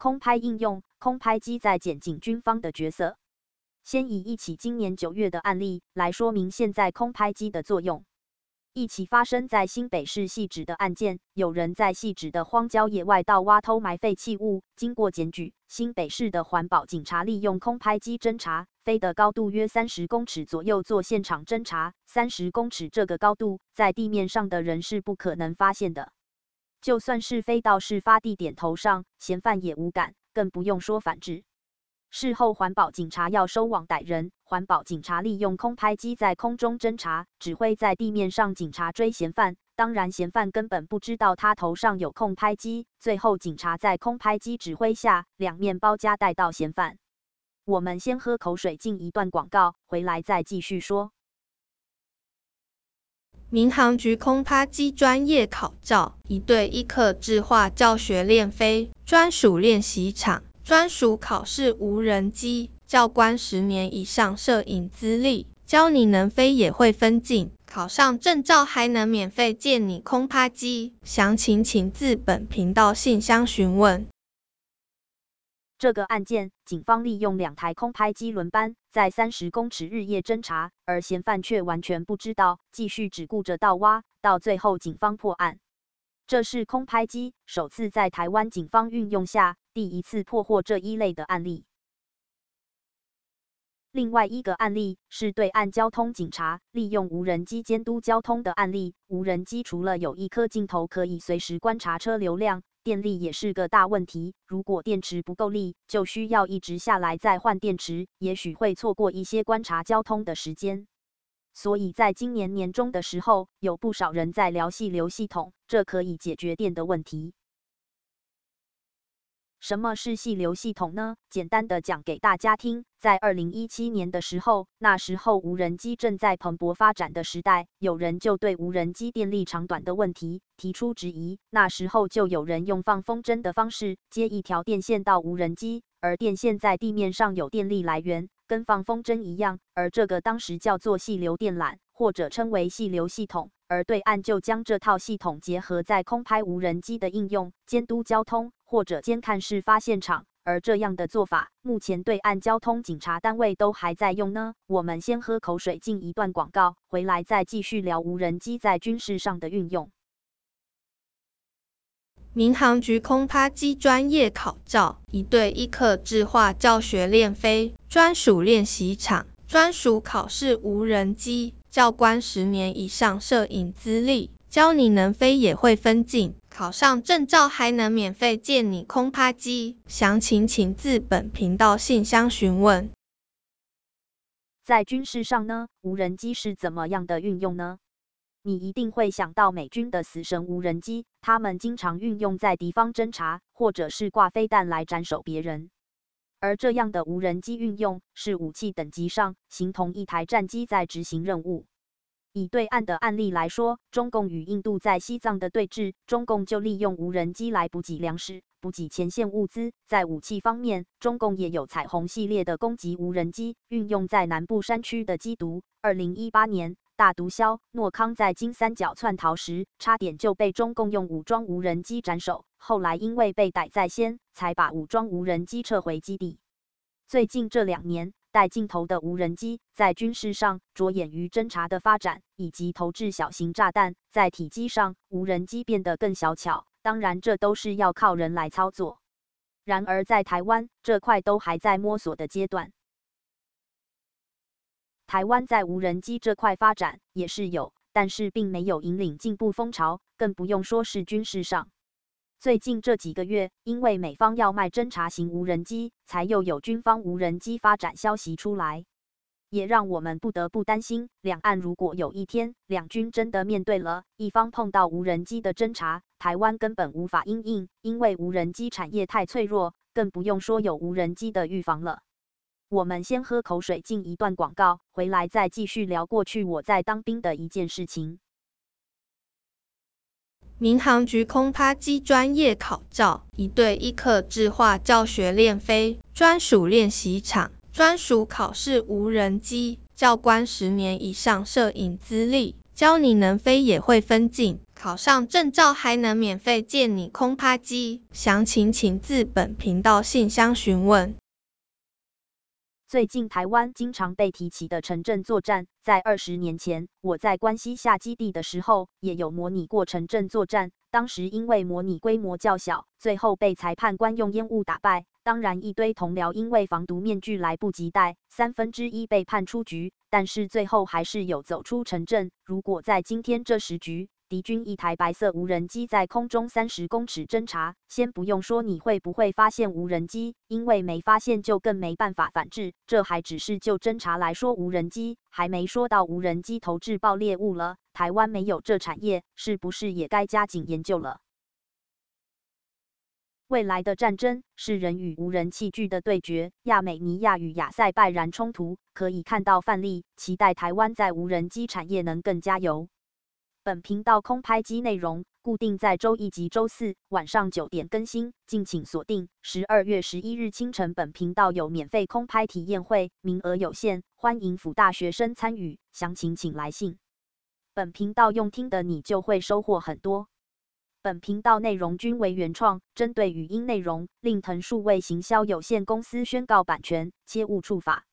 空拍應用，空拍機在檢警軍方的角色。先以一起今年九月的案例來說明現在空拍機的作用。一起發生在新北市汐止的案件，有人在汐止的荒郊野外盜挖偷埋廢棄物。經過檢舉，新北市的環保警察利用空拍機偵查，飛的高度約三十公尺左右做現場偵查。三十公尺這個高度，在地面上的人是不可能發現的。就算是飛到事發地點頭上，嫌犯也無感，更不用說反制。事後，環保警察要收網逮人。環保警察利用空拍機在空中偵查，指揮在地面上警察追嫌犯。當然，嫌犯根本不知道他頭上有空拍機。最後，警察在空拍機指揮下，兩面包夾帶到嫌犯。我們先喝口水，進一段廣告，回來再繼續說。民航局空拍機專業考照，一對一客製化教學練飛，專屬練習場，專屬考試無人機，教官十年以上攝影資歷，教你能飛也會分鏡，考上證照還能免費借你空拍機，詳情請自本頻道信箱詢問。這個案件，警方利用兩台空拍機輪班在三十公尺日夜偵查，而嫌犯卻完全不知道，繼續只顧着盜挖。到最後，警方破案。這是空拍機首次在台灣警方運用下，第一次破獲這一類的案例。另外一個案例是對岸交通警察利用無人機監督交通的案例。無人機除了有一顆鏡頭可以隨時觀察車流量。電力也是個大問題，如果電池不夠力，就需要一直下來再換電池，也許會錯過一些觀察交通的時間。所以在今年年終的時候，有不少人在聊繫留系統，這可以解決電的問題。什麼是繫留系統呢？簡單的講給大家聽，在二零一七年的時候，那時候無人機正在蓬勃發展的時代，有人就對無人機電力長短的問題提出質疑。那時候就有人用放風箏的方式接一條電線到無人機，而電線在地面上有電力來源，跟放風箏一樣。而這個當時叫做繫留電纜，或者稱為繫留系統。而對岸就將這套系統結合在空拍無人機的應用監督交通。或者監看事發現場，而這樣的做法，目前對岸交通警察單位都還在用呢。我們先喝口水，進一段廣告，回來再繼續聊無人機在軍事上的運用。民航局空拍機專業考照，一對一客製化教學練飛，專屬練習場，專屬考試無人機，教官十年以上攝影資歷，教你能飛也會分鏡。考上證照還能免費借你空拍機，詳情請自本頻道信箱詢問。在軍事上呢，無人機是怎麼樣的運用呢？你一定會想到美軍的死神無人機，他們經常運用在敵方偵察，或者是掛飛彈來斬首別人。而這樣的無人機運用，是武器等級上，形同一台戰機在執行任務。以對岸的案例來說，中共與印度在西藏的對峙，中共就利用無人機來補給糧食、補給前線物資。在武器方面，中共也有彩虹系列的攻擊無人機，運用在南部山區的緝毒。二零一八年，大毒梟糯康在金三角竄逃時，差點就被中共用武裝無人機斬首，後來因為被逮在先，才把武裝無人機撤回基地。最近這兩年，帶鏡頭的無人機在軍事上着眼於偵察的發展，以及投擲小型炸彈。在體積上，無人機變得更小巧，當然這都是要靠人來操作。然而，在台灣這塊都還在摸索的階段。台灣在無人機這塊發展也是有，但是並沒有引領進步風潮，更不用說是軍事上。最近這幾個月，因為美方要賣偵察型無人機，才又有軍方無人機發展消息出來，也讓我們不得不擔心，兩岸如果有一天兩軍真的面對了，一方碰到無人機的偵察，台灣根本無法因應，因為無人機產業太脆弱，更不用說有無人機的預防了。我們先喝口水，進一段廣告，回來再繼續聊過去我在當兵的一件事情。民航局空拍機專業考照，一對一客製化教學練飛，專屬練習場，專屬考試無人機，教官十年以上攝影資歷，教你能飛也會分鏡，考上證照還能免費借你空拍機。詳情請自本頻道信箱詢問。最近台灣經常被提起的城鎮作戰，在二十年前我在關西下基地的時候，也有模擬過城鎮作戰。當時因為模擬規模較小，最後被裁判官用煙霧打敗。當然，一堆同僚因為防毒面具來不及帶，三分之一被判出局。但是最後還是有走出城鎮。如果在今天這時局，敵軍一台白色無人機在空中三十公尺偵察，先不用說你會不會發現無人機，因為沒發現就更沒辦法反制。這還只是就偵察來說，無人機還沒說到無人機投擲爆裂物了。台灣沒有這產業，是不是也該加緊研究了？未來的戰爭是人與無人器具的對決。亞美尼亞與亞塞拜然衝突可以看到範例，期待台灣在無人機產業能更加油。本頻道空拍機內容固定在周一及周四晚上九點更新，敬請鎖定。十二月十一日清晨，本頻道有免費空拍體驗會，名額有限，歡迎輔大學生參與，詳情請來信。本頻道用聽的你就會收穫很多。本頻道內容均為原創，針對語音內容，令騰數位行銷有限公司宣告版權，切勿觸法。